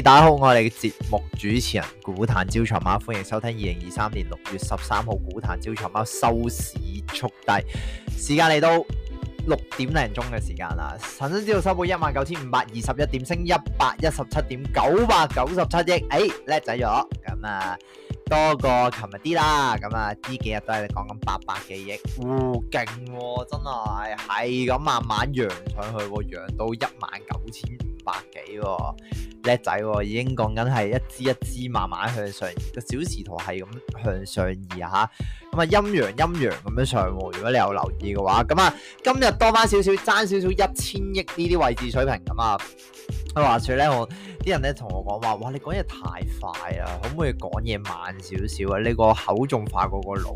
大家好，我哋嘅節目主持人股壇招財貓，歡迎收聽二零二三年六月十三號股壇招財貓收市速遞，時間嚟到六點零鐘嘅時間啦，恒生指數收報一萬九千五百二十一點，升一百一十七點，九百九十七億，誒叻仔咗，咁啊、嗯、多過琴日啲啦，咁啊呢幾日都係講緊八百幾億，哇、哦、勁、啊、真係，係咁慢慢揚上去，揚到一萬九千。百幾喎叻仔喎，已經講緊係一支一支慢慢向上移，個小時圖係咁向上移吓，咁啊陰陽陰陽咁樣上啊。如果你有留意嘅話，咁啊今日多翻少少，爭少少一千億呢啲位置水平咁啊。話説咧，我啲人咧同我講話，哇！你講嘢太快啦，可唔可以講嘢慢少少啊？你個口仲快過個腦，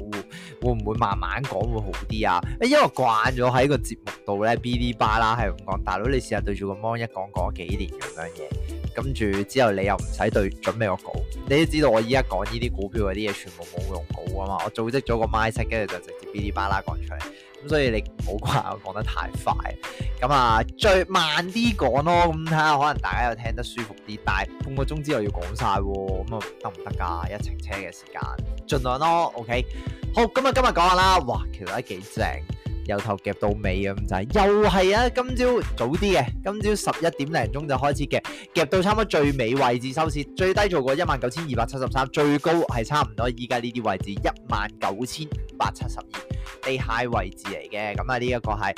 會唔會慢慢講會好啲啊？因為慣咗喺個節目度咧，B B 吧啦係咁講， 大佬你試下對住個芒一講講幾年咁樣嘢，跟住之後你又唔使對準備個稿，你都知道我依家講呢啲股票嗰啲嘢全部冇用稿啊嘛，我組織咗個 mic 跟住就直接 B B 吧啦講出嚟。所以你唔好怪我講得太快，咁啊最慢啲講咯，咁睇下可能大家又聽得舒服啲。但係半個鐘之後要講晒，咁啊得唔得噶？一程車嘅時間，盡量咯。OK，好，咁、嗯、啊今日講下啦。哇，其實都幾正。由頭夾到尾咁就又係啊！今朝早啲嘅，今朝十一點零鐘就開始夾，夾到差唔多最尾位置收市，最低做過一萬九千二百七十三，最高係差唔多依家呢啲位置一萬九千五百七十二，a high 位置嚟嘅。咁、嗯、啊，呢、嗯、一、這個係誒、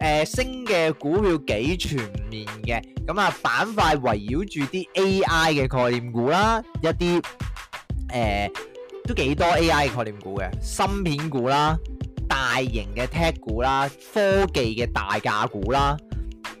呃、升嘅股票幾全面嘅，咁、嗯、啊板塊圍繞住啲 A I 嘅概念股啦，一啲誒、呃、都幾多 A I 概念股嘅芯片股啦。大型嘅 tech 股啦，科技嘅大價股啦，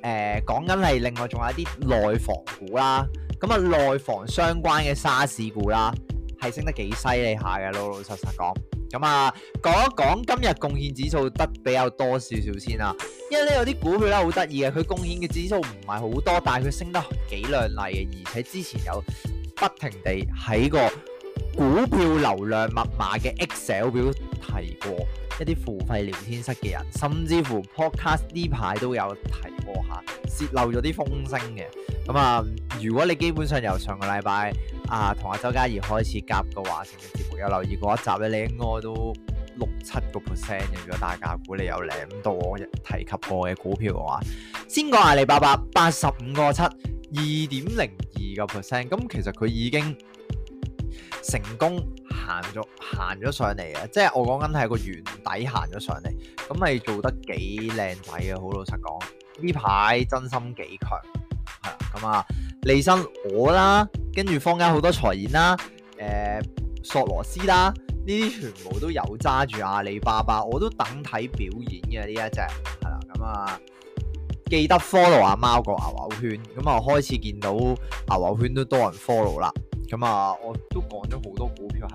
誒、呃、講緊係另外仲有一啲內房股啦，咁、嗯、啊內房相關嘅沙士股啦，係升得幾犀利下嘅。老老實實講，咁、嗯、啊講一講今日貢獻指數得比較多少少先啊，因為咧有啲股票啦，好得意嘅，佢貢獻嘅指數唔係好多，但係佢升得幾亮麗嘅，而且之前有不停地喺個股票流量密碼嘅 Excel 表提過。一啲付費聊天室嘅人，甚至乎 Podcast 呢排都有提過下泄漏咗啲風聲嘅。咁、嗯、啊，如果你基本上由上個禮拜啊同阿周嘉怡開始夾嘅話，成個節目有留意過一集咧，你應該都六七個 percent 嘅。如果大家估你有領到我提及過嘅股票嘅話，先講阿里巴巴八十五個七二點零二個 percent，咁其實佢已經成功。行咗行咗上嚟嘅，即係我講緊係個圓底行咗上嚟，咁係做得幾靚仔嘅。好老實講，呢排真心幾強係啦。咁啊、嗯，利申我啦，跟住坊間好多財演啦，誒、欸、索羅斯啦，呢啲全部都有揸住阿里巴巴，我都等睇表演嘅呢一隻係啦。咁啊、嗯嗯，記得 follow 阿、啊、貓個牛牛圈，咁、嗯、啊開始見到牛牛圈都多人 follow 啦。咁、嗯、啊、嗯，我都講咗好多。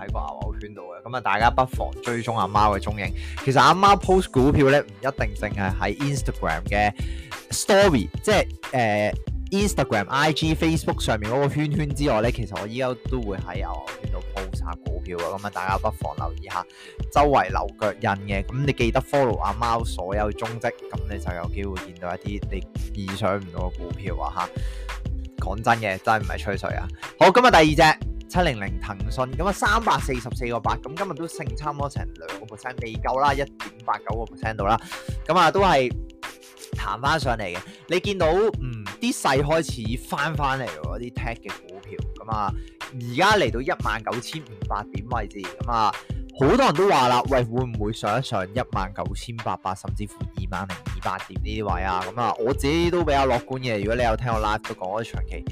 喺個牛牛圈度嘅，咁啊大家不妨追蹤阿貓嘅蹤影。其實阿貓 post 股票咧唔一定淨係喺 Instagram 嘅 story，即係誒、呃、Instagram、IG、Facebook 上面嗰個圈圈之外咧，其實我依家都會喺牛牛圈度 post 下股票啊。咁啊大家不妨留意下，周圍留腳印嘅，咁你記得 follow 阿貓所有蹤迹，咁你就有機會見到一啲你意想唔到嘅股票啊！吓，講真嘅真係唔係吹水啊。好，今日第二隻。七零零騰訊咁啊，三百四十四個八，咁今日都升差唔多成兩個 percent，未夠啦，一點八九個 percent 到啦，咁啊都係彈翻上嚟嘅。你見到嗯啲勢開始翻翻嚟喎，啲 tech 嘅股票，咁啊而家嚟到一萬九千五百點位置，咁啊好多人都話啦，喂，會唔會上一上一萬九千八百，甚至乎二萬零二百點呢啲位啊？咁啊我自己都比較樂觀嘅，如果你有聽我 live 都講，我長期。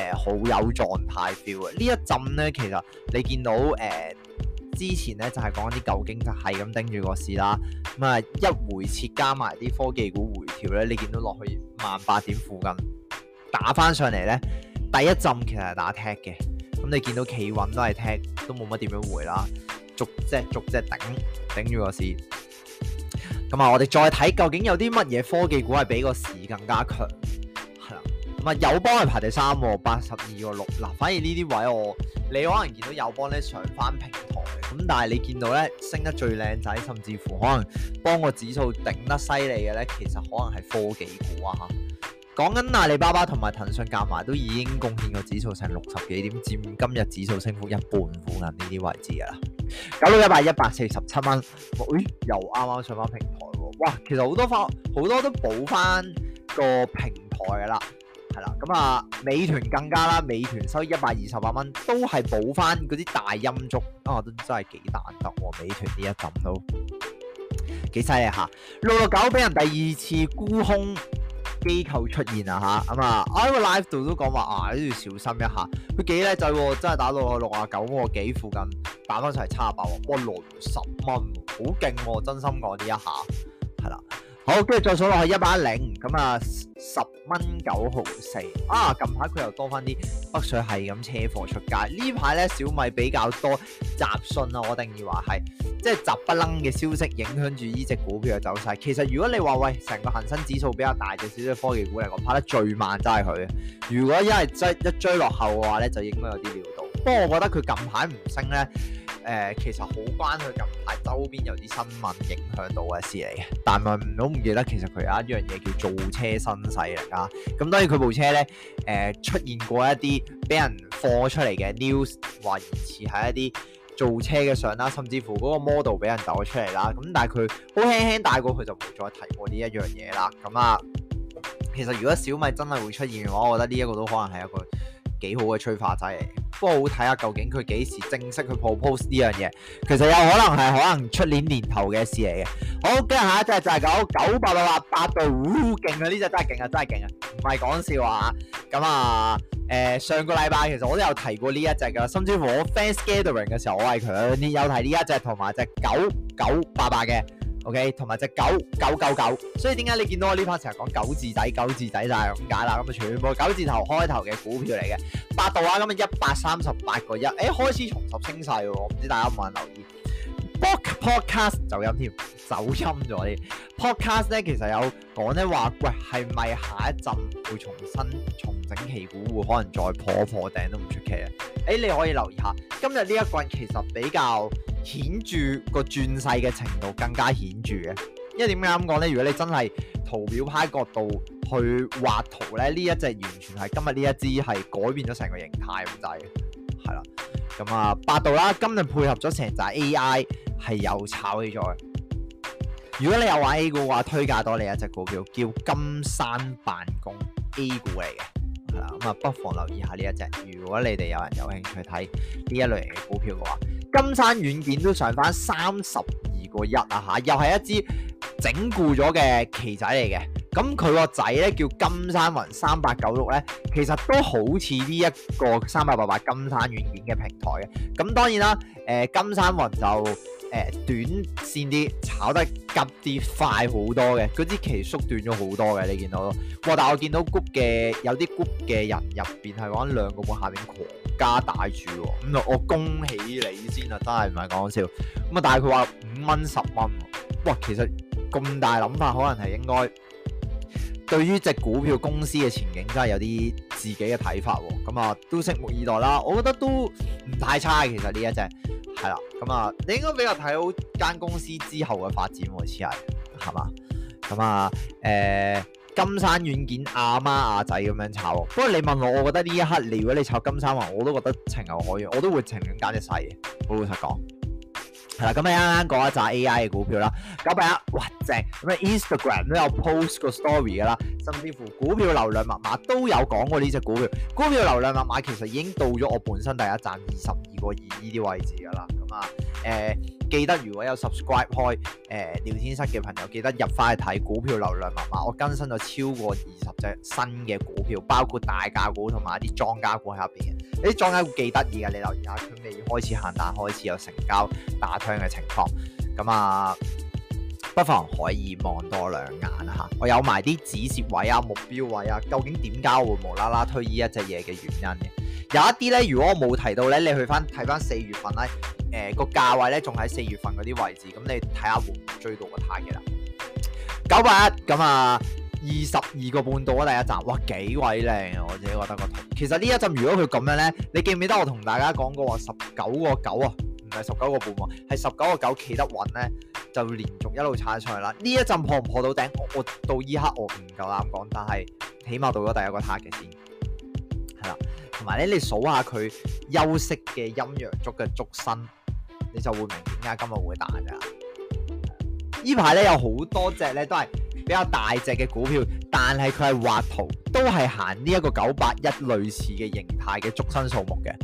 誒、呃，好有狀態 feel 啊！一呢一浸咧，其實你見到誒、呃，之前咧就係講啲舊經就係咁頂住個市啦。咁啊，一回撤加埋啲科技股回調咧，你見到落去萬八點附近打返上嚟咧，第一浸其實係打踢嘅。咁你見到企穩都係踢，都冇乜點樣回啦。逐隻逐隻頂頂住個市。咁啊，我哋再睇究竟有啲乜嘢科技股係比個市更加強？唔係友邦係排第三喎、哦，八十二個六嗱。反而呢啲位喎，你可能見到友邦咧上翻平台咁，但係你見到咧升得最靚仔，甚至乎可能幫個指數頂得犀利嘅咧，其實可能係科技股啊。講緊阿里巴巴同埋騰訊夾埋都已經貢獻個指數成六十幾點，佔今日指數升幅一半附近呢啲位置㗎喇。九六一百一百四十七蚊，咦、哎？又啱啱上翻平台喎！哇，其實好多方好多都補翻個平台噶啦。係啦，咁、嗯、啊，美團更加啦，美團收一百二十八蚊，都係補翻嗰啲大陰燭，啊都真係幾難得喎，美團呢一啖都幾犀利吓，六六九俾人第二次沽空機構出現啦吓，咁啊，I Wall Live 度都講話啊，你、啊這個啊、要小心一下，佢幾叻仔，真係打到去六啊九個幾附近打翻齊差百，哇輪十蚊，好勁喎，真心講呢一下，係啦。好，跟住再數落去一百零，咁啊十蚊九毫四啊！近排佢又多翻啲北水係咁車貨出街，呢排咧小米比較多，雜訊啊，我定義話係即係雜不楞嘅消息影響住呢隻股票嘅走勢。其實如果你話喂成個恒生指數比較大隻少少科技股嚟講，跑得最慢都係佢。如果一係追一追落後嘅話咧，就應該有啲料到。不過我覺得佢近排唔升咧。誒、呃，其實好關佢近排周邊有啲新聞影響到嘅事嚟嘅，但係我唔記得其實佢有一樣嘢叫造車新勢啊，咁當然佢部車咧誒、呃、出現過一啲俾人放咗出嚟嘅 news，話疑似係一啲做車嘅相啦，甚至乎嗰個 model 俾人抖咗出嚟啦，咁、啊、但係佢好輕輕帶過，佢就唔再提過呢一樣嘢啦。咁啊，其實如果小米真係會出現嘅話，我覺得呢一個都可能係一個。幾好嘅催化劑嚟，不過好睇下、啊、究竟佢幾時正式去 propose 呢樣嘢，其實有可能係可能出年年頭嘅事嚟嘅。好嘅嚇，下隻就係九九八八度，嘩！勁啊！呢隻真係勁啊，真係勁啊，唔係講笑啊！咁啊，誒上個禮拜其實我都有提過呢一隻噶，甚至乎我 fans gathering 嘅時候我係佢，你有睇呢一隻同埋隻九九八八嘅。OK，同埋隻九九九九，所以點解你見到我呢 part 成日講九字仔九字仔就係咁解啦，咁啊全部九字頭開頭嘅股票嚟嘅，百度啊，咁啊一百三十八個一，誒、欸、開始重拾升勢喎，我唔知大家有冇人留意。嗯、Podcast 走音添，走音咗啲。Podcast 咧其實有講咧話，喂係咪下一陣會重新重整旗鼓，會可能再破破頂都唔出奇啊？誒、欸，你可以留意下，今日呢一季其實比較。顯著，個轉勢嘅程度更加顯著嘅，因為點解咁講呢？如果你真係圖表派角度去畫圖呢，呢一隻完全係今日呢一隻係改變咗成個形態咁滯嘅，係啦，咁啊百度啦，今日配合咗成扎 A I 係又炒起咗。如果你有玩 A 股嘅話，推介多你一隻股票，叫金山辦公 A 股嚟嘅，係啦，咁、嗯、啊、嗯、不妨留意下呢一隻。如果你哋有人有興趣睇呢一類嘅股票嘅話，金山軟件都上翻三十二個一啊吓，又係一支整固咗嘅旗仔嚟嘅，咁佢個仔咧叫金山雲三八九六咧，其實都好似呢一個三八八八金山軟件嘅平台嘅，咁、嗯、當然啦，誒、呃、金山雲就。誒，短線啲炒得急啲快好多嘅，嗰啲期縮短咗好多嘅，你見到咯。哇！但係我見到谷嘅有啲谷嘅人入邊係玩兩個盤下面狂加大注，咁啊我恭喜你先啊，真係唔係講笑。咁啊，但係佢話五蚊十蚊，哇！其實咁大諗法，可能係應該對於隻股票公司嘅前景，真係有啲自己嘅睇法。咁、嗯、啊，都拭目以待啦。我覺得都唔太差，其實呢一隻。係啦，咁啊、嗯嗯，你應該比較睇好間公司之後嘅發展，好似係係咪？咁、嗯、啊，誒、嗯嗯，金山軟件阿媽阿仔咁樣炒，不過你問我，我覺得呢一刻你如果你炒金山話，我都覺得情有可原，我都會情願揀隻嘅。好老實講。係啦，咁啊，啱啱講一紮 A.I. 嘅股票啦，九百一，哇正，咁 Instagram 都有 post 個 story 噶啦，甚至乎股票流量密碼都有講過呢隻股票，股票流量密碼其實已經到咗我本身第一站二十二個二呢啲位置噶啦。啊！誒，記得如果有 subscribe 開誒、啊、聊天室嘅朋友，記得入翻去睇股票流量密碼、啊。我更新咗超過二十隻新嘅股票，包括大價股同埋一啲莊家股喺入邊嘅。呢啲莊家股幾得意㗎，你留意下，佢未開始限但開始有成交打槍嘅情況。咁啊，不妨可以望多兩眼嚇。我有埋啲止蝕位啊、目標位啊，究竟點解會無啦啦推依一隻嘢嘅原因嘅？有一啲咧，如果我冇提到咧，你去翻睇翻四月份咧。誒，個價、呃、位咧仲喺四月份嗰啲位置，咁、嗯、你睇下會唔追到個 target 啦？九百一，咁啊，二十二個半到啊，第一集哇，幾位靚啊！我自己覺得個圖，其實呢一陣如果佢咁樣咧，你記唔記得我同大家講過話十九個九啊，唔係十九個半啊，係十九個九企得穩咧，就連續一路踩上去啦。呢一陣破唔破到頂？我，我到依刻我唔夠膽講，但係起碼到咗第一個 target 先，係啦。同埋咧，你數下佢休息嘅陰陽燭嘅燭身。你就會明點解今日會彈㗎。呢排咧有好多隻咧都係比較大隻嘅股票，但係佢係畫圖都係行呢一個九八一類似嘅形態嘅足身數目嘅，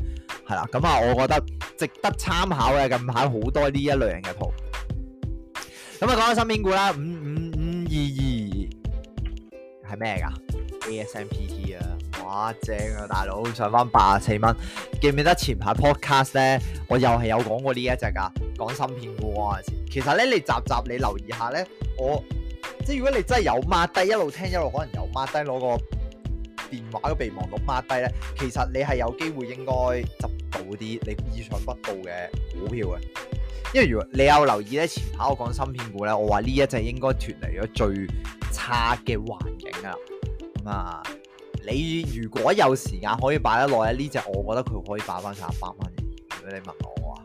係啦。咁、嗯、啊，我覺得值得參考嘅近排好多呢一類型嘅圖。咁、嗯、啊，講返身邊股啦，五五五二二係咩㗎？ASMPT 啊。哇，正啊！大佬上翻八十四蚊，記唔記得前排 podcast 咧，我又係有講過呢一隻噶，講芯片股嗰陣時。其實咧，你集集你留意下咧，我即係如果你真係有抹低，一路聽一路可能有抹低攞個電話都備忘錄抹低咧，其實你係有機會應該執到啲你意想不到嘅股票嘅。因為如果你有留意咧，前排我講芯片股咧，我話呢一隻應該脫離咗最差嘅環境、嗯、啊。咁啊。你如果有時間可以擺得耐啊！呢隻我覺得佢可以擺翻成百蚊。如果你問我啊，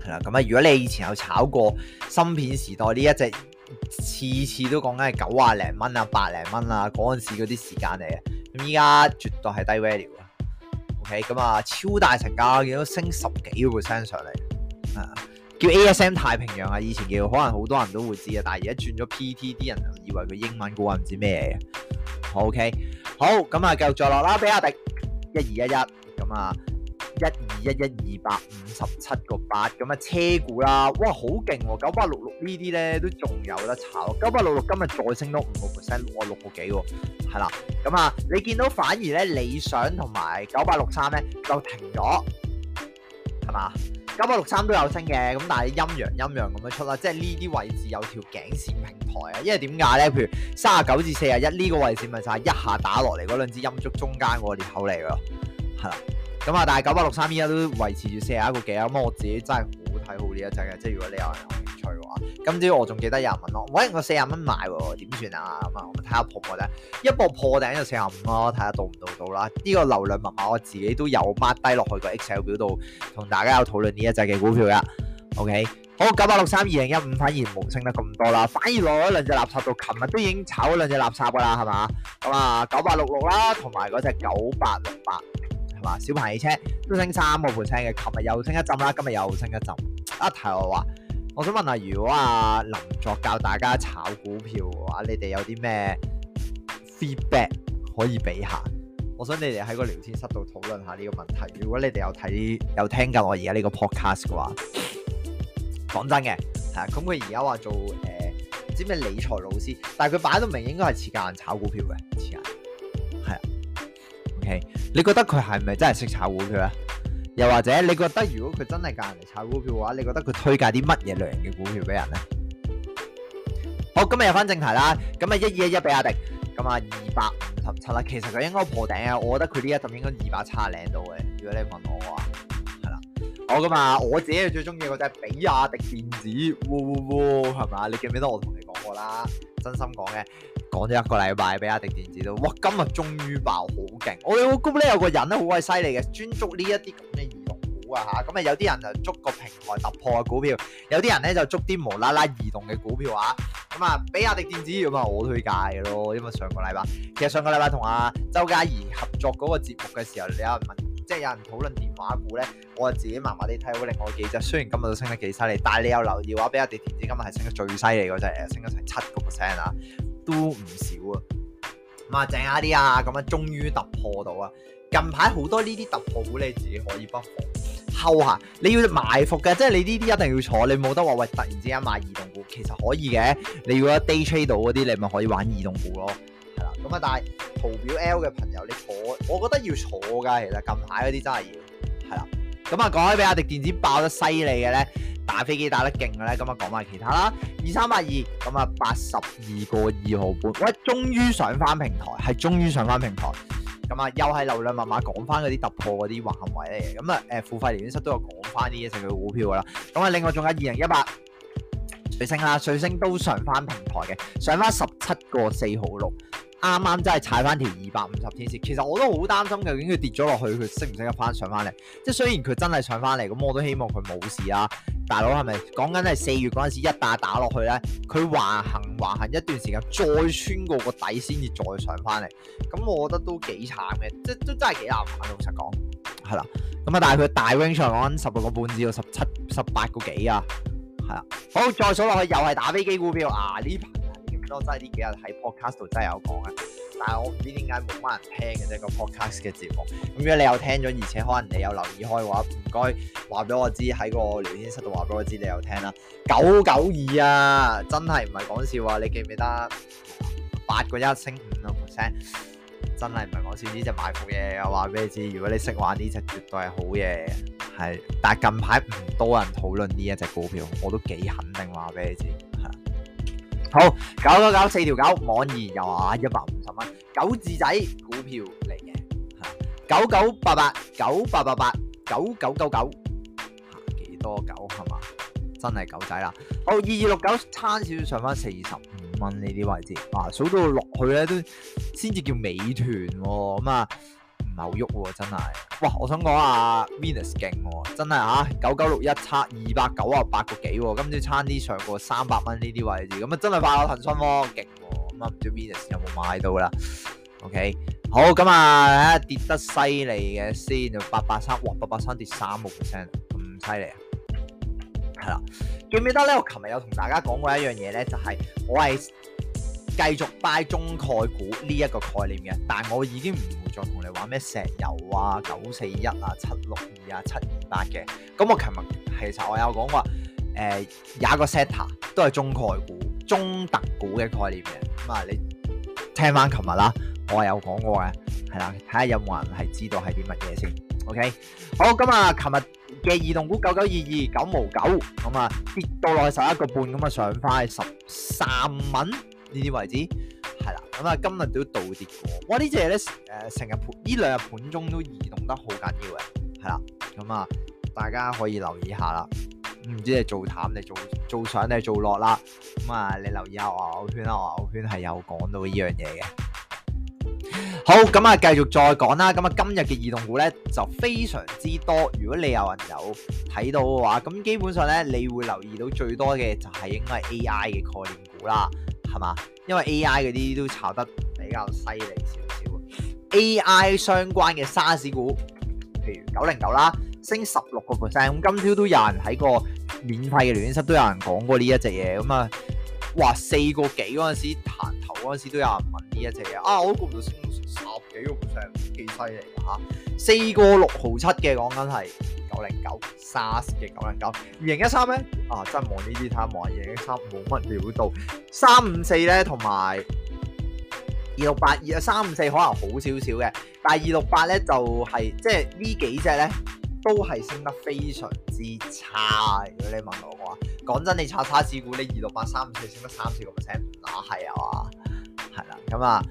係、嗯、啦，咁、嗯、啊，如果你以前有炒過芯片時代呢一隻，次次都講緊係九啊零蚊啊、百零蚊啊，嗰陣時嗰啲時間嚟嘅。咁依家絕對係低 value 啊。OK，咁、嗯、啊、嗯，超大成交，見到升十幾 percent 上嚟啊，叫 ASM 太平洋啊，以前叫，可能好多人都會知啊，但係而家轉咗 PT，啲人以為佢英文股啊唔知咩嘅、嗯。OK。好，咁啊，繼續再落啦，比亞迪，一二一一，咁啊，一二一一，二百五十七個八，咁啊，車股啦，哇，好勁喎，九八六六呢啲咧都仲有得炒，九八六六今日再升到五個 percent，哇，六個幾喎，係啦，咁、嗯、啊，你見到反而咧理想同埋九八六三咧就停咗，係嘛？九百六三都有升嘅，咁但係陰陽陰陽咁樣出啦，即係呢啲位置有條頸線平台啊，因為點解咧？譬如三十九至四十一呢個位置咪就係一下打落嚟嗰兩支陰燭中間個裂口嚟咯，係啦。咁啊，但係九百六三依家都維持住四十一個幾啊，咁我自己真係好睇好呢一隻嘅，即係如果你啊。佢今朝我仲記得廿蚊咯，我用個四廿蚊買喎，點算啊？咁、嗯、啊，我咪睇下破唔破頂，一部破頂就四廿五咯，睇下到唔到到啦。呢、這個流量密碼我自己都有 mark 低落去個 Excel 表度，同大家有討論呢一隻嘅股票嘅。OK，好，九八六三二零一五反而冇升得咁多啦，反而落咗兩隻垃圾度。琴日都已經炒咗兩隻垃圾噶啦，係嘛？咁啊，九八六六啦，同埋嗰隻九八六八，係嘛？小鵬汽車都升三個 percent 嘅，琴日又升一浸啦，今日又升一浸。一睇我話。我想問下，如果阿、啊、林作教大家炒股票嘅話，你哋有啲咩 feedback 可以俾下？我想你哋喺個聊天室度討論下呢個問題。如果你哋有睇有聽緊我而家呢個 podcast 嘅話，講真嘅，係啊，咁佢而家話做誒唔、呃、知咩理財老師，但係佢擺到明應該係持教人炒股票嘅，持價係啊。OK，你覺得佢係咪真係識炒股票啊？又或者你覺得如果佢真係教人嚟炒股票嘅話，你覺得佢推介啲乜嘢類型嘅股票俾人咧？好，今日又翻正題啦。咁啊，一二一一比亞迪，咁啊二百五十七啦。其實佢應該破頂啊。我覺得佢呢一浸應該二百差零到嘅。如果你問我嘅話，係啦。好，我咁啊，我自己最中意嘅就係比亞迪電子，嗚嗚嗚，係嘛？你記唔記得我同你講過啦？真心講嘅。講咗一個禮拜，比亞迪電子都，哇！今日終於爆好勁。我估咧有個人咧好鬼犀利嘅，專捉呢一啲咁嘅移動股啊嚇。咁、嗯、啊有啲人就捉個平台突破嘅股票，有啲人咧就捉啲無啦啦移動嘅股票啊。咁、嗯、啊，比亞迪電子咁啊、嗯，我推介嘅咯。因為上個禮拜，其實上個禮拜同阿、啊、周嘉怡合作嗰個節目嘅時候，你有問，即係有人討論電話股咧，我就自己麻麻地睇好另外幾隻。雖然今日都升得幾犀利，但係你有留意嘅話，比亞迪電子今日係升得最犀利嗰隻，就是、升咗成七個 percent 啊！都唔少、嗯、啊！咁啊正下啲啊，咁啊終於突破到啊！近排好多呢啲突破股，你自己可以不妨。後下你要埋伏嘅，即係你呢啲一定要坐，你冇得話喂突然之間買移動股，其實可以嘅。你如果 day trade 到嗰啲，你咪可以玩移動股咯。係啦，咁啊但係圖表 L 嘅朋友，你坐，我覺得要坐嘅，其實近排嗰啲真係要。係啦，咁啊講起比亞迪電子爆得犀利嘅咧。打飛機打得勁嘅咧，咁啊講埋其他啦，二三八二咁啊八十二個二毫半，喂，終於上翻平台，係終於上翻平台，咁啊又係流量密碼講翻嗰啲突破嗰啲橫行位嚟嘅，咁啊誒付費聊天室都有講翻啲嘢食佢股票噶啦，咁啊另外仲有二零一八瑞聲啦，瑞聲都上翻平台嘅，上翻十七個四毫六，啱啱真係踩翻條二百五十天線，其實我都好擔心究竟佢跌咗落去佢識唔識得翻上翻嚟，即係雖然佢真係上翻嚟，咁我都希望佢冇事啦、啊。大佬係咪講緊係四月嗰陣時一打打落去咧，佢橫行橫行一段時間，再穿過個底先至再上翻嚟。咁我覺得都幾慘嘅，即都真係幾難玩。老實講，係啦。咁啊，但係佢大 range 上講緊十六個半至到十七、十八個幾啊，係啊。好，再數落去又係打飛機股票啊！呢排。多真係呢幾日喺 podcast 度真係有講啊，但係我唔知點解冇乜人聽嘅啫、個 podcast 嘅節目。咁如果你有聽咗，而且可能你有留意開嘅話，唔該話俾我知喺個聊天室度話俾我知你有聽啦。九九二啊，真係唔係講笑啊！你記唔記得八個一升五啊 percent？真係唔係講笑呢隻埋伏嘢，又話俾你知。如果你識玩呢隻，絕對係好嘢。係，但係近排唔多人討論呢一隻股票，我都幾肯定話俾你知。好九九九四條九，網易又話一百五十蚊，九字仔股票嚟嘅，吓九九八八九八八八九九九九，吓、啊、幾、啊、多九係嘛？真係九仔啦！好二二六九，9, 差少少上翻四十五蚊呢啲位置，啊數到落去咧都先至叫美團、哦，咁、嗯、啊。唔好喐喎，真係哇！我想講下 Venus 勁喎，真係吓九九六一差二百九啊八個幾，今朝差啲上過三百蚊呢啲位置，咁啊真係快馬騰身喎，勁喎、哦！咁啊唔知 Venus 有冇買到啦？OK，好咁、嗯、啊，跌得犀利嘅先，八八三哇，八八三跌三個 percent 咁犀利，啊。係啦、啊啊，記唔記得咧？我琴日有同大家講過一樣嘢咧，就係、是、我係繼續 buy 中概股呢一個概念嘅，但我已經唔。再同你玩咩石油啊、九四一啊、七六二啊、七二八嘅，咁我琴日其實我有講話，誒、呃、也個 set 都係中概股、中特股嘅概念嘅，咁啊你聽翻琴日啦，我有講過嘅，係啦，睇下有冇人係知道係啲乜嘢先，OK？好，咁啊，琴日嘅移動股 22, 九九二二九毛九，咁啊跌到落去十一個半，咁啊上翻去十三蚊呢啲位置。係啦，咁啊、嗯、今日都倒跌過。哇，呢隻咧，誒成日盤呢兩日盤中都移動得好緊要嘅，係、嗯、啦。咁、嗯、啊，大家可以留意下啦。唔知你做淡，你做做上定做落啦。咁、嗯、啊、嗯，你留意下牛我圈啦，牛我圈係有講到呢樣嘢嘅。好，咁啊繼續再講啦。咁、嗯、啊今日嘅移動股咧就非常之多。如果你有人有睇到嘅話，咁、嗯、基本上咧你會留意到最多嘅就係應該係 A I 嘅概念股啦，係嘛？因為 A.I. 嗰啲都炒得比較犀利少少，A.I. 相關嘅沙士股，譬如九零九啦，升十六個 percent，咁今朝都有人喺個免費嘅聊天室都有人講過呢一隻嘢，咁啊，話四個幾嗰陣時彈頭嗰陣時都有人問呢一隻嘢，啊，我個就升十幾個 percent，幾犀利吓，四個六毫七嘅講緊係。零九沙士嘅九零九，二零一三咧啊，真望呢啲睇望二零一三冇乜料到，三五四咧同埋二六八二啊，三五四可能好少少嘅，但係二六八咧就係、是、即係呢幾隻咧都係升得非常之差。如果你問我，我話講真，你炒沙士股，你二六八三五四升得三四個 percent，嗱係啊嘛，係啦咁啊。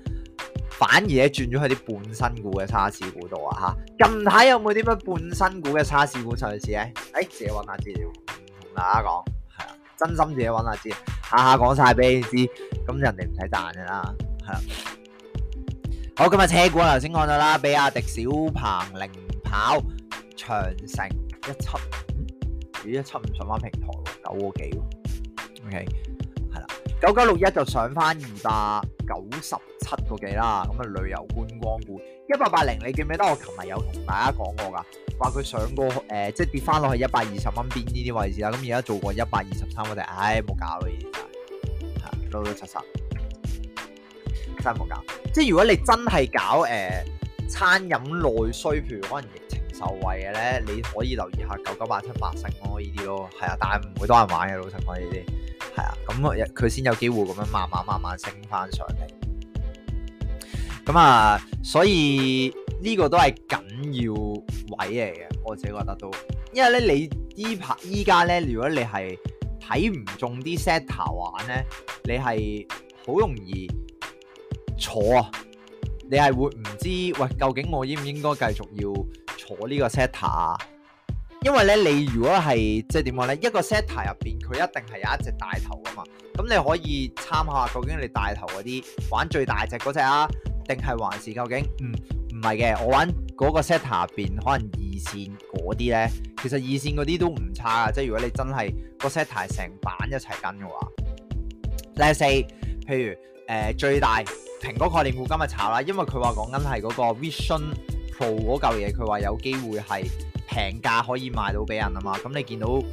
反而咧轉咗去啲半新股嘅差市股度啊！吓，近排有冇啲咩半新股嘅差市股上市咧？誒、哎，自己搵下資料同大家講，係啊，真心自己搵下資料，下下講晒俾你知，咁人哋唔使彈噶啦，係啊。好，今日車股頭先講咗啦，比亞迪、小鵬、零跑、長城一七五，咦，一七五上返平台喎，九個幾喎，ok。九九六一就上翻二百九十七個幾啦，咁啊旅遊觀光股一八八零，180，你記唔記得我琴日有同大家講過噶，話佢上過誒，即係跌翻落去一百二十蚊邊呢啲位置啦，咁而家做過一百二十三蚊，唉冇搞啦，呢啲啊，老老實實真係冇搞。即係如果你真係搞誒、呃、餐飲內需，譬如可能疫情受惠嘅，咧，你可以留意下九九八七八勝咯，呢啲咯，係啊，但係唔會多人玩嘅老實講呢啲。係啊，咁佢先有機會咁樣慢慢慢慢升翻上嚟。咁、嗯、啊，所以呢、呢個都係緊要位嚟嘅，我自己覺得都。因為咧，你依排依家咧，如果你係睇唔中啲 setter 玩咧，你係好容易坐啊。你係會唔知喂，究竟我應唔應該繼續要坐呢個 setter？、啊因為咧，你如果係即係點講咧，一個 set 入邊佢一定係有一隻大頭噶嘛，咁你可以參考下究竟你大頭嗰啲玩最大隻嗰隻啊，定係還是究竟唔唔係嘅？我玩嗰個 set 入邊可能二線嗰啲咧，其實二線嗰啲都唔差啊！即係如果你真係個 set 成版一齊跟嘅話，第四，譬如誒、呃、最大蘋果概念股今日炒啦，因為佢話講緊係嗰個 Vision Pro 嗰嚿嘢，佢話有機會係。平價可以賣到俾人啊嘛，咁你見到誒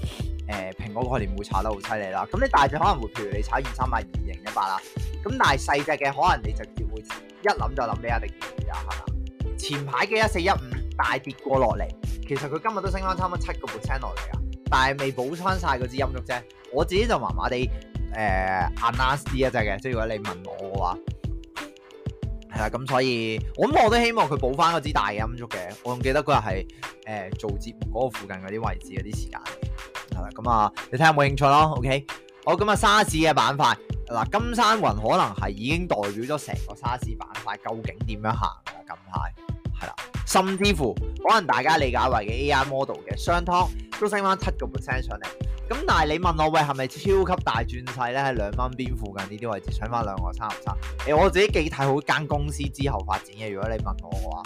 蘋果概念會炒得好犀利啦，咁你大隻可能會譬如你炒二三百二盈一百啦，咁但係細隻嘅可能你直接會一諗就諗咩啊定幾啊係咪？前排嘅一四一五大跌過落嚟，其實佢今日都升翻差唔多七個 percent 落嚟啊，但係未補翻晒嗰支陰燭啫，我自己就麻麻地誒 announce 啲一隻嘅，即係如果你問我嘅話。係啊，咁所以，我諗我都希望佢補翻嗰支大陰燭嘅，我仲記得嗰日係誒做節目嗰個附近嗰啲位置嗰啲時間，係啦，咁啊，你睇下有冇興趣咯，OK？好，咁啊，沙士嘅板塊嗱，金山雲可能係已經代表咗成個沙士板塊究竟點樣行㗎，近排。係啦，甚至乎可能大家理解為嘅 AR model 嘅商湯都升翻七個 percent 上嚟，咁但係你問我喂，係咪超級大轉勢咧？喺兩蚊邊附近呢啲位置，上翻兩個三唔三誒、欸，我自己幾睇好間公司之後發展嘅。如果你問我嘅話，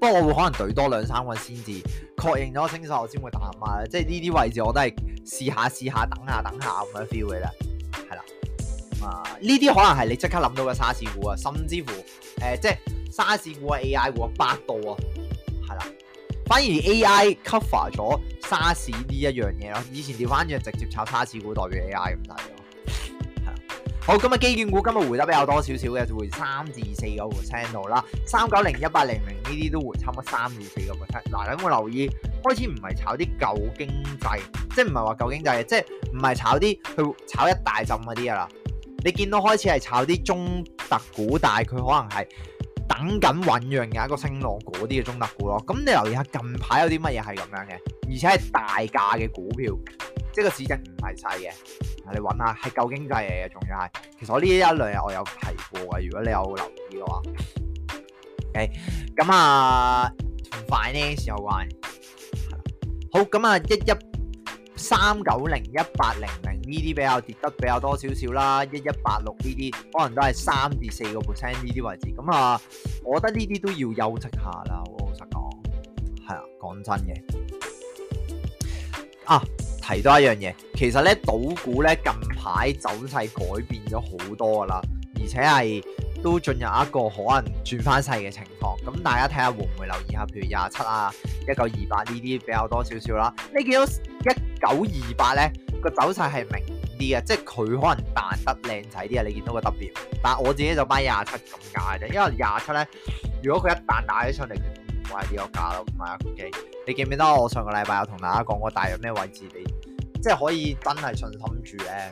不過我會可能懟多兩三個先至確認咗清楚，我先會談啊。即係呢啲位置我都係試下試下，等下等下咁樣 feel 嘅啦。係啦，啊呢啲可能係你即刻諗到嘅沙士股啊，甚至乎誒、呃、即係。沙士股個 AI 喎，百度啊，係啦，反而 AI cover 咗沙士呢一樣嘢咯。以前跌翻嘅直接炒沙士股代表 AI 咁大咯，係啦。好，今日基建股今日回得比較多少少嘅，就回三至四個 percent 度啦。三九零、一八零零呢啲都回差唔多三至四個 percent。嗱，你有冇留意？開始唔係炒啲舊經濟，即係唔係話舊經濟，即係唔係炒啲佢炒一大浸嗰啲嘢啦。你見到開始係炒啲中特股，但係佢可能係。等緊醖釀嘅一個升浪嗰啲嘅中特股咯，咁你留意下近排有啲乜嘢係咁樣嘅，而且係大價嘅股票，即係個市值唔係細嘅，你揾下係舊經濟嚟嘅，仲要係，其實我呢一類我有提過嘅，如果你有留意嘅話 o、okay？咁啊，快呢，又換，好，咁啊，一一。三九零一八零零呢啲比較跌得比較多少少啦，一一八六呢啲可能都係三至四個 percent 呢啲位置，咁啊，我覺得呢啲都要休息下啦，我老實講，係啊，講真嘅。啊，提多一樣嘢，其實咧，賭股咧，近排走勢改變咗好多噶啦，而且係。都進入一個可能轉翻細嘅情況，咁大家睇下會唔會留意下，譬如廿七啊、一九二八呢啲比較多少少啦。你見到一九二八咧個走勢係明顯啲嘅，即係佢可能彈得靚仔啲啊。你見到個 W，但係我自己就買廿七咁解。嘅，因為廿七咧，如果佢一彈打起上嚟，我係跌咗價咯，唔係啊。K，你記唔記得我上個禮拜有同大家講過大約咩位置你，你即係可以真係信心住咧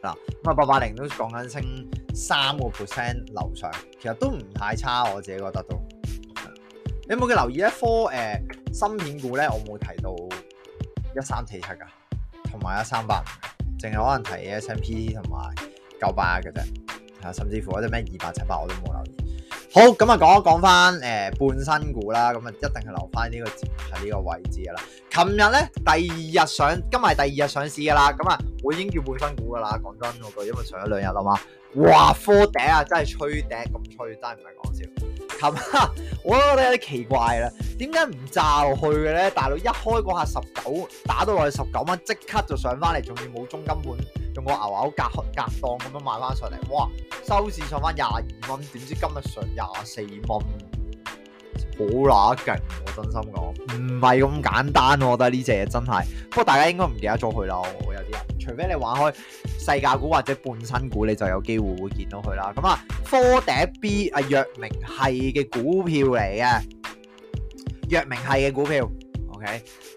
嗱。咁、嗯、啊，八八零都講緊升。三個 percent 樓上，其實都唔太差，我自己覺得都。你有冇嘅留意一科誒、呃、芯片股咧，我冇提到一三四七噶，同埋一三八五，淨係可能提 S M P 同埋九八嘅啫，嚇、啊，甚至乎嗰啲咩二百七八我都冇留意。好咁啊，講、嗯、一講翻誒半新股啦，咁、嗯、啊一定係留翻呢個節目喺呢個位置嘅啦。琴日咧第二日上，今日第二日上市噶啦，咁、嗯、啊我已經叫半新股噶啦。講真，因為上咗兩日啦嘛，哇，科笛啊真係吹笛咁吹，真係唔係講笑。琴日我都覺得有啲奇怪啦，點解唔炸落去嘅咧？大佬一開嗰下十九，打到落去十九蚊，即刻就上翻嚟，仲要冇中金本。用個牛牛隔開隔檔咁樣買翻上嚟，哇！收市上翻廿二蚊，點知今日上廿四蚊，好乸勁！我真心講，唔係咁簡單，我覺得呢隻嘢真係。不過大家應該唔記得咗佢啦，我有啲人，除非你玩開世界股或者半新股，你就有機會會見到佢啦。咁啊，科笛 B 啊，藥明係嘅股票嚟嘅，藥明係嘅股票。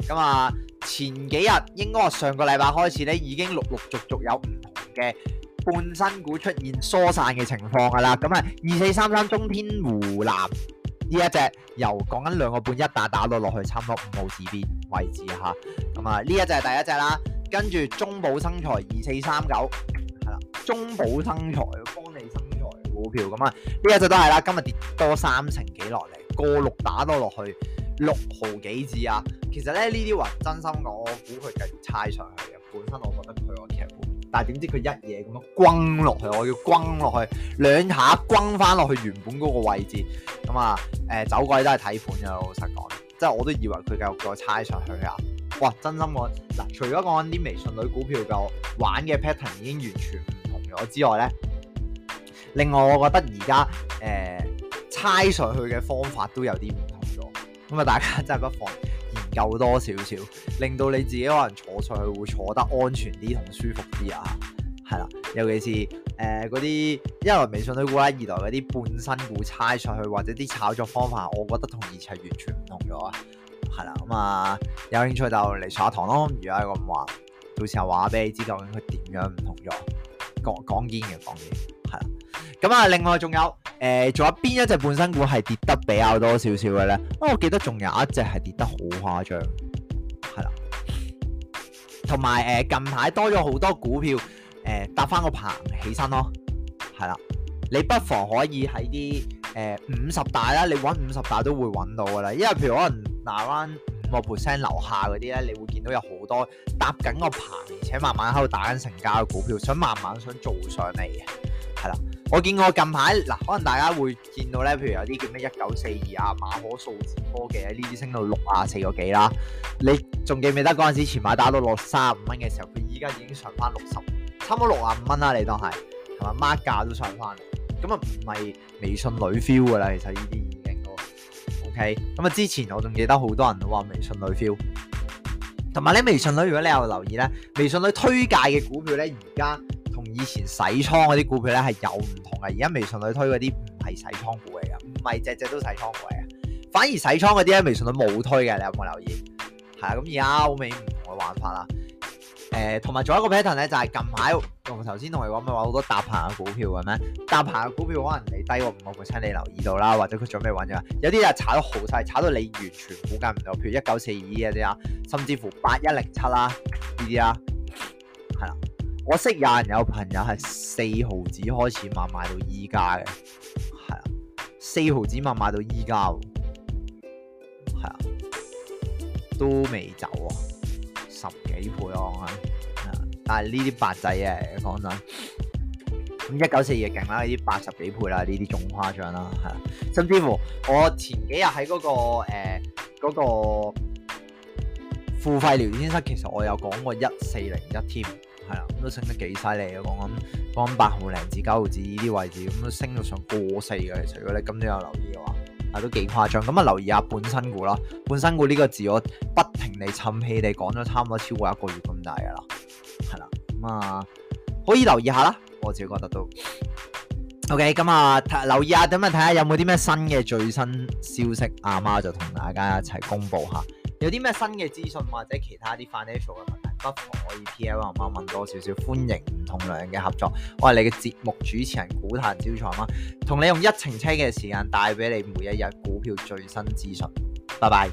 咁啊，前幾日應該話上個禮拜開始咧，已經陸陸續續有唔同嘅半新股出現疏散嘅情況噶啦。咁啊，二四三三中天湖南呢一隻，由講緊兩個半一打打到落去，差唔多五毫紙邊位置嚇。咁啊，呢一隻係第一隻啦。跟住中保生財二四三九，係啦，中保生財、幫你生財股票，咁啊，呢一隻都係啦。今日跌多三成幾落嚟，過六打多落去。六毫幾字啊！其實咧呢啲話，真心我估佢繼續猜上去嘅。本身我覺得佢個劇本，但係點知佢一夜咁樣轟落去，我要轟落去兩下轟翻落去原本嗰個位置咁啊！誒、呃、走鬼都係睇盤嘅，老實講，即係我都以為佢繼續再猜上去啊！哇！真心我嗱、呃，除咗講啲微信女股票夠玩嘅 pattern 已經完全唔同咗之外咧，另外我覺得而家誒猜上去嘅方法都有啲唔同。咁啊，大家真係不妨研究多少少，令到你自己可能坐上去會坐得安全啲同舒服啲啊，係啦，尤其是誒嗰啲一來微信都估啦，二來嗰啲半新股猜上去或者啲炒作方法，我覺得同以前係完全唔同咗啊，係啦，咁、嗯、啊，有興趣就嚟上堂咯，如果係咁話，到時候話俾你知究竟佢點樣唔同咗，講講堅嘅講嘢，係啦，咁啊、嗯，另外仲有。誒，仲、呃、有邊一隻半新股係跌得比較多少少嘅咧？啊，我記得仲有一隻係跌得好誇張，係啦。同埋誒，近排多咗好多股票，誒、呃，搭翻個棚起身咯，係啦。你不妨可以喺啲誒五十大啦，你搵五十大都會搵到噶啦。因為譬如可能嗱返五個 percent 樓下嗰啲咧，你會見到有好多搭緊個棚，而且慢慢喺度打緊成交嘅股票，想慢慢想做上嚟嘅，係啦。我見過近排嗱、啊，可能大家會見到咧，譬如有啲叫咩一九四二啊，馬可數字科技喺呢啲升到六啊四個幾啦。你仲記唔記得嗰陣時前排打到六三十五蚊嘅時候，佢依家已經上翻六十，差唔多六啊五蚊啦。你當係同埋孖價都上翻？咁啊唔係微信女 feel 噶啦，其實呢啲已經咯。OK，咁啊之前我仲記得好多人都話微信女 feel，同埋咧微信女，如果你有留意咧，微信女推介嘅股票咧，而家。同以前洗倉嗰啲股票咧係有唔同嘅，而家微信裏推嗰啲唔係洗倉股嚟嘅，唔係隻隻都洗倉股嘅，反而洗倉嗰啲咧微信裏冇推嘅，你有冇留意？係啊，咁而家好明顯唔同嘅玩法啦。誒、呃，同埋仲有一個 pattern 咧，就係、是、近排我頭先同你講咪話好多搭棚嘅股票嘅咩？搭棚嘅股票可能你低過五個 percent，你留意到啦，或者佢準備揾咗，有啲就炒得好晒，炒到你完全估計唔到，譬如一九四二嗰啲啊，甚至乎八一零七啦呢啲啊，係啦、啊。我識有人有朋友係四毫子開始買，買到依家嘅。係啊，四毫子買買到依家，係啊，都未走，啊，十幾倍啊，係啊，但係呢啲八仔啊，講真，一九四二勁啦，呢啲八十幾倍啦，啊，呢啲仲誇張啦，係，甚至乎我前幾日喺嗰個誒嗰，呃嗰個付費聊天室，其實我有講過一四零一添。係啦，都升得幾犀利啊。講緊講緊八毫零至九毫紙呢啲位置，咁都升到上過四嘅，除咗你今日有留意嘅話，啊都幾誇張。咁啊，留意下半新股啦，半新股呢個字我不停地沉氣地講咗差唔多超過一個月咁大噶啦，係啦，咁啊可以留意下啦，我自己覺得都。OK，咁啊留意下，咁啊睇下有冇啲咩新嘅最新消息，阿媽就同大家一齊公布下，有啲咩新嘅資訊或者其他啲 financial 嘅。可以 PM 貓問多少少，歡迎唔同類型嘅合作。我係你嘅節目主持人股壇招財貓，同你用一程車嘅時間帶俾你每一日股票最新資訊。拜拜。